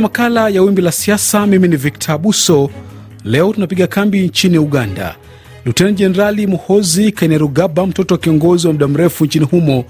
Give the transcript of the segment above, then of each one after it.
kwenye makala ya Wimbi la Siasa. Mimi ni Victor Abuso. Leo tunapiga kambi nchini Uganda. Luteni Jenerali Muhozi Kainerugaba, mtoto wa kiongozi wa muda mrefu nchini humo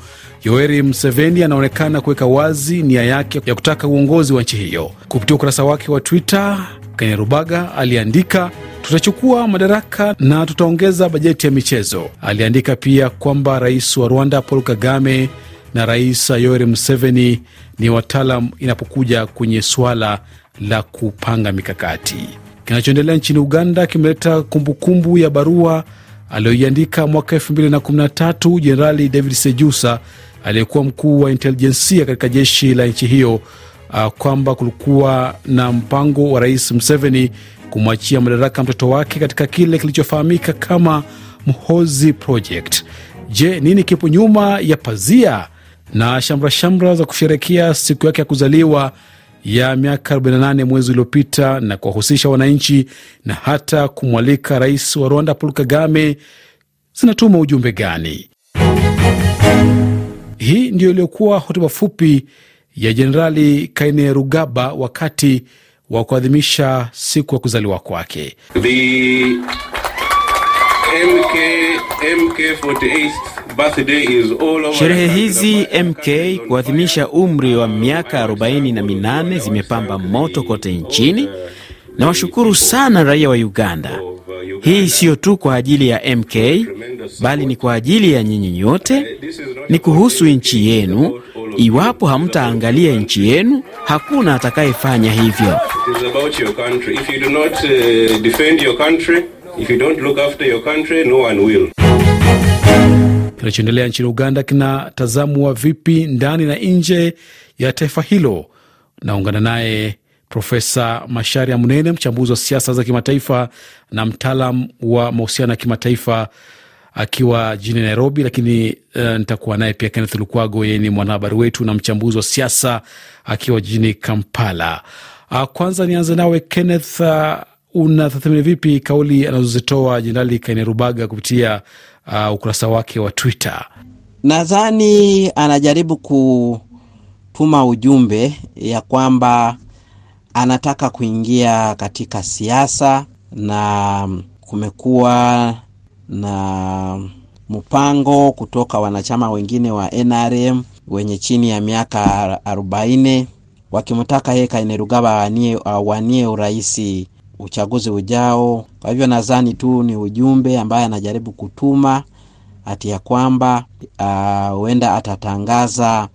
yoeri mseveni anaonekana kuweka wazi nia yake ya kutaka uongozi wa nchi hiyo. Kupitia ukurasa wake wa Twitter, Kainerubaga aliandika tutachukua madaraka na tutaongeza bajeti ya michezo. Aliandika pia kwamba rais wa Rwanda Paul Kagame na rais yoeri mseveni ni wataalam inapokuja kwenye suala la kupanga mikakati. Kinachoendelea nchini Uganda kimeleta kumbukumbu ya barua aliyoiandika mwaka 213 Jenerali David Sejusa aliyekuwa mkuu wa intelijensia katika jeshi la nchi hiyo uh, kwamba kulikuwa na mpango wa Rais Museveni kumwachia madaraka mtoto wake katika kile kilichofahamika kama Mhozi Project. Je, nini kipo nyuma ya pazia? na shamra shamra za kusherekea siku yake ya kuzaliwa ya miaka 48 mwezi uliopita na kuwahusisha wananchi na hata kumwalika rais wa Rwanda Paul Kagame zinatuma ujumbe gani? Hii ndiyo iliyokuwa hotuba fupi ya Jenerali Kainerugaba wakati wa kuadhimisha siku ya kuzaliwa kwake. MK, MK 48 Sherehe hizi MK kuadhimisha umri wa miaka 48 zimepamba moto kote nchini. Nawashukuru sana raia wa Uganda. Hii siyo tu kwa ajili ya MK bali ni kwa ajili ya nyinyi nyote. Ni kuhusu nchi yenu. Iwapo hamtaangalia nchi yenu, hakuna atakayefanya hivyo. If you eh, if you don't look after your country, no one will kinachoendelea nchini Uganda kinatazamwa vipi ndani na nje ya taifa hilo? Naungana naye Profesa Masharia Munene, mchambuzi wa siasa za kimataifa na mtaalam wa mahusiano ya kimataifa akiwa jijini Nairobi. Lakini uh, nitakuwa naye pia Kenneth Lukwago, yeye ni mwanahabari wetu na mchambuzi wa siasa akiwa jijini Kampala. Uh, kwanza nianze nawe Kenneth, uh, unatathmini vipi kauli anazozitoa Jenerali Kainerubaga kupitia uh, ukurasa wake wa Twitter? Nadhani anajaribu kutuma ujumbe ya kwamba anataka kuingia katika siasa na kumekuwa na mpango kutoka wanachama wengine wa NRM wenye chini ya miaka 40 wakimtaka yeye Kainerugaba awanie, urahisi uchaguzi ujao. Kwa hivyo nadhani tu ni ujumbe ambaye anajaribu kutuma hati ya kwamba ah, huenda uh, atatangaza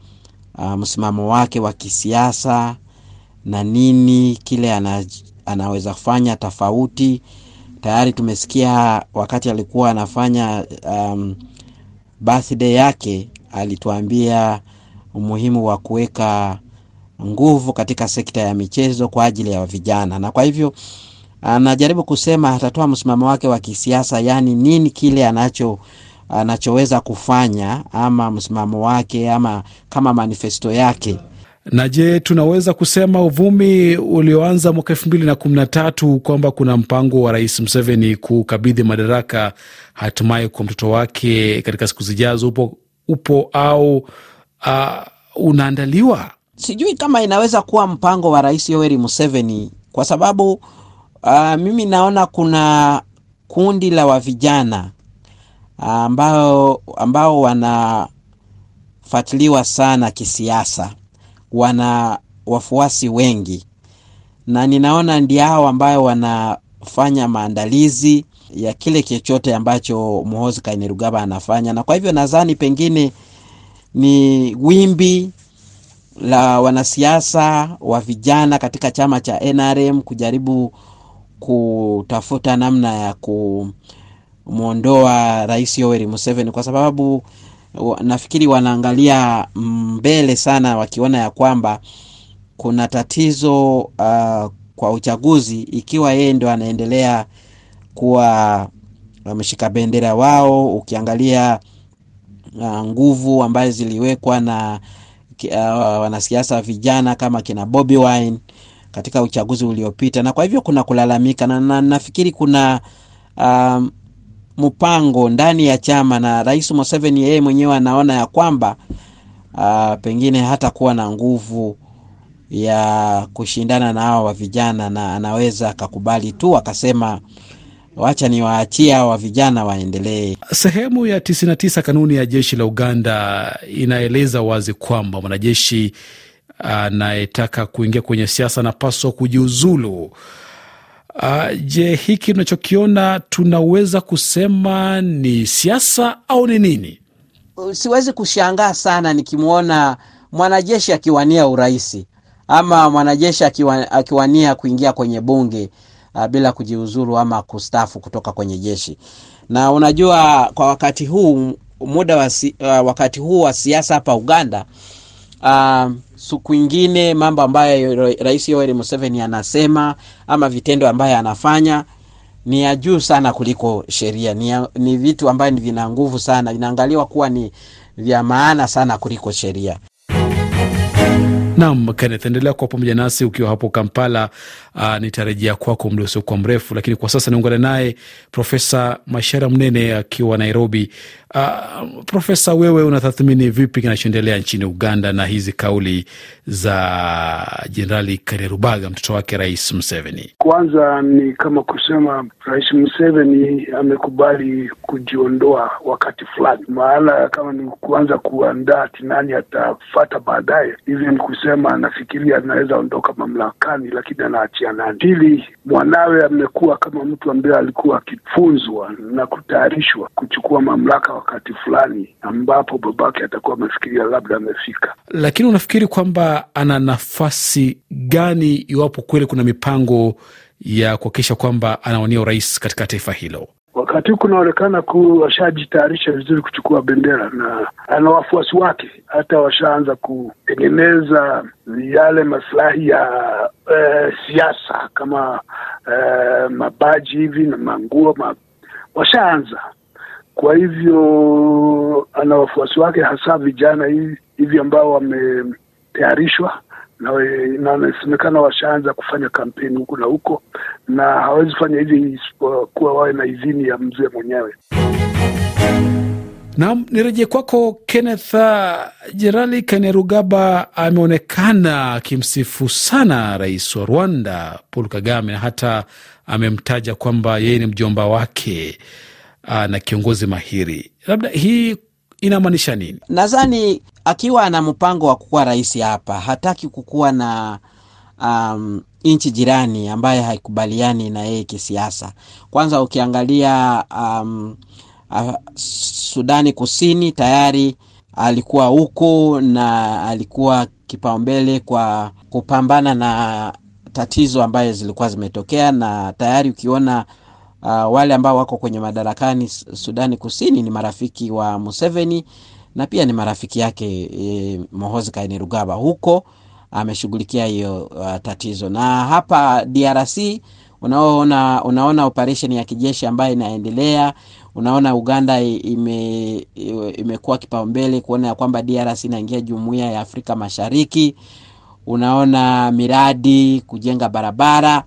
uh, msimamo wake wa kisiasa na nini kile ana, anaweza kufanya tofauti. Tayari tumesikia wakati alikuwa anafanya um, birthday yake alituambia umuhimu wa kuweka nguvu katika sekta ya michezo kwa ajili ya vijana, na kwa hivyo anajaribu kusema atatoa msimamo wake wa kisiasa, yani nini kile anacho anachoweza kufanya ama msimamo wake ama kama manifesto yake. Na je, tunaweza kusema uvumi ulioanza mwaka elfu mbili na kumi na tatu kwamba kuna mpango wa Rais mseveni kukabidhi madaraka hatimaye kwa mtoto wake katika siku zijazo upo, upo au uh, unaandaliwa? Sijui kama inaweza kuwa mpango wa Rais Yoweri Museveni kwa sababu Uh, mimi naona kuna kundi la wavijana ah, ambao, ambao wanafuatiliwa sana kisiasa, wana wafuasi wengi, na ninaona ndi hao ambayo wanafanya maandalizi ya kile chochote ambacho Muhoozi Kainerugaba anafanya, na kwa hivyo nadhani pengine ni wimbi la wanasiasa wa vijana katika chama cha NRM kujaribu kutafuta namna ya kumwondoa Rais Yoweri Museveni kwa sababu nafikiri wanaangalia mbele sana, wakiona ya kwamba kuna tatizo uh, kwa uchaguzi ikiwa yeye ndo anaendelea kuwa wameshika bendera wao. Ukiangalia uh, nguvu ambazo ziliwekwa na uh, wanasiasa vijana kama kina bobby Wine katika uchaguzi uliopita, na kwa hivyo kuna kulalamika na, na nafikiri kuna um, mpango ndani ya chama na Rais Museveni yeye mwenyewe anaona ya kwamba uh, pengine hata kuwa na nguvu ya kushindana na hawa wa vijana, na anaweza akakubali tu akasema wacha ni waachie wa vijana waendelee. Sehemu ya 99 kanuni ya jeshi la Uganda inaeleza wazi kwamba mwanajeshi anayetaka kuingia kwenye siasa anapaswa kujiuzulu. Uh, je, hiki tunachokiona tunaweza kusema ni siasa au ni nini? Siwezi kushangaa sana nikimwona mwanajeshi akiwania urais ama mwanajeshi akiwa, akiwania kuingia kwenye bunge uh, bila kujiuzuru ama kustafu kutoka kwenye jeshi. Na unajua kwa wakati huu muda wa si, uh, wakati huu wa siasa hapa Uganda uh, suku ingine mambo ambayo Rais Yoweri Museveni anasema ama vitendo ambayo anafanya ni ya juu sana kuliko sheria, ni, ya, ni vitu ambayo vina nguvu sana, vinaangaliwa kuwa ni vya maana sana kuliko sheria. Nam Kenneth, endelea kuwa pamoja nasi ukiwa hapo Kampala uh, nitarejea kwako muda usiokuwa mrefu, lakini kwa sasa niungane naye Profesa Mashara Mnene akiwa Nairobi. Uh, Profesa, wewe unatathmini vipi kinachoendelea nchini Uganda na hizi kauli za Jenerali Kainerubaga, mtoto wake Rais Museveni? Kwanza ni kama kusema Rais Museveni amekubali kujiondoa wakati fulani, maana kama ni kuanza kuandaa tinani atafata baadaye, hivyo ni kusema anafikiria anaweza ondoka mamlakani, lakini anaachia kushirikiana. Pili, mwanawe amekuwa kama mtu ambaye alikuwa akifunzwa na kutayarishwa kuchukua mamlaka wakati fulani ambapo babake atakuwa amefikiria labda amefika. Lakini unafikiri kwamba ana nafasi gani iwapo kweli kuna mipango ya kuhakikisha kwamba anawania urais katika taifa hilo? Wakati huu kunaonekana ku washajitayarisha vizuri kuchukua bendera na ana wafuasi wake, hata washaanza kutengeneza yale masilahi ya e, siasa kama e, mabaji hivi na manguo ma... washaanza. Kwa hivyo ana wafuasi wake hasa vijana hivi ambao wametayarishwa na wanasemekana washaanza kufanya kampeni huku na huko, na hawezi fanya hivi kuwa wawe na idhini ya mzee mwenyewe. nam nirejee kwako Kenneth. Jenerali ah, kanerugaba ameonekana akimsifu sana rais wa Rwanda Paul Kagame na hata amemtaja kwamba yeye ni mjomba wake ah, na kiongozi mahiri. Labda hii inamaanisha nini? Nadhani akiwa ana mpango wa kukuwa rais hapa, hataki kukuwa na um, nchi jirani ambaye haikubaliani na yeye kisiasa. Kwanza ukiangalia um, uh, Sudani Kusini tayari alikuwa huko na alikuwa kipaumbele kwa kupambana na tatizo ambayo zilikuwa zimetokea, na tayari ukiona uh, wale ambao wako kwenye madarakani Sudani Kusini ni marafiki wa Museveni na pia ni marafiki yake e, Mohozi Kainerugaba huko ameshughulikia hiyo uh, tatizo. Na hapa DRC unaona, unaona operation ya kijeshi ambayo inaendelea. Unaona Uganda ime, imekuwa kipaumbele kuona ya kwamba DRC inaingia jumuiya ya Afrika Mashariki. Unaona miradi kujenga barabara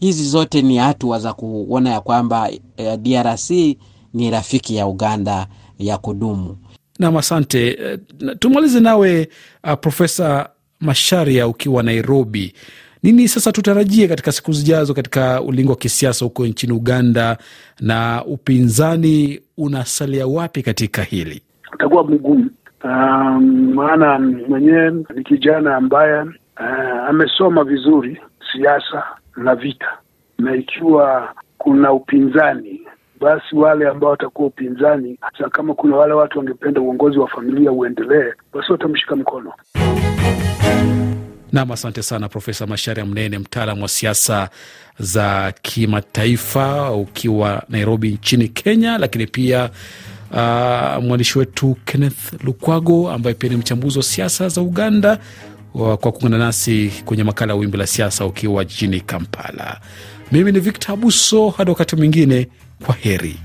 hizi zote ni hatua za kuona ya kwamba eh, DRC ni rafiki ya Uganda ya kudumu. Nam, asante. Eh, tumalize nawe uh, Profesa Masharia, ukiwa Nairobi, nini sasa tutarajie katika siku zijazo katika ulingo wa kisiasa huko nchini Uganda, na upinzani unasalia wapi katika hili? Utakuwa mgumu um, maana mwenyewe ni kijana ambaye uh, amesoma vizuri siasa na vita, na ikiwa kuna upinzani basi wale ambao watakuwa upinzani, hasa kama kuna wale watu wangependa uongozi wa familia uendelee, basi watamshika mkono. Nam, asante sana Profesa Masharia Mnene, mtaalam wa siasa za kimataifa, ukiwa Nairobi nchini Kenya, lakini pia uh, mwandishi wetu Kenneth Lukwago ambaye pia ni mchambuzi wa siasa za Uganda, kwa kuungana nasi kwenye makala ya Wimbi la Siasa ukiwa jijini Kampala. Mimi ni Victor Abuso, hadi wakati mwingine. Kwa heri.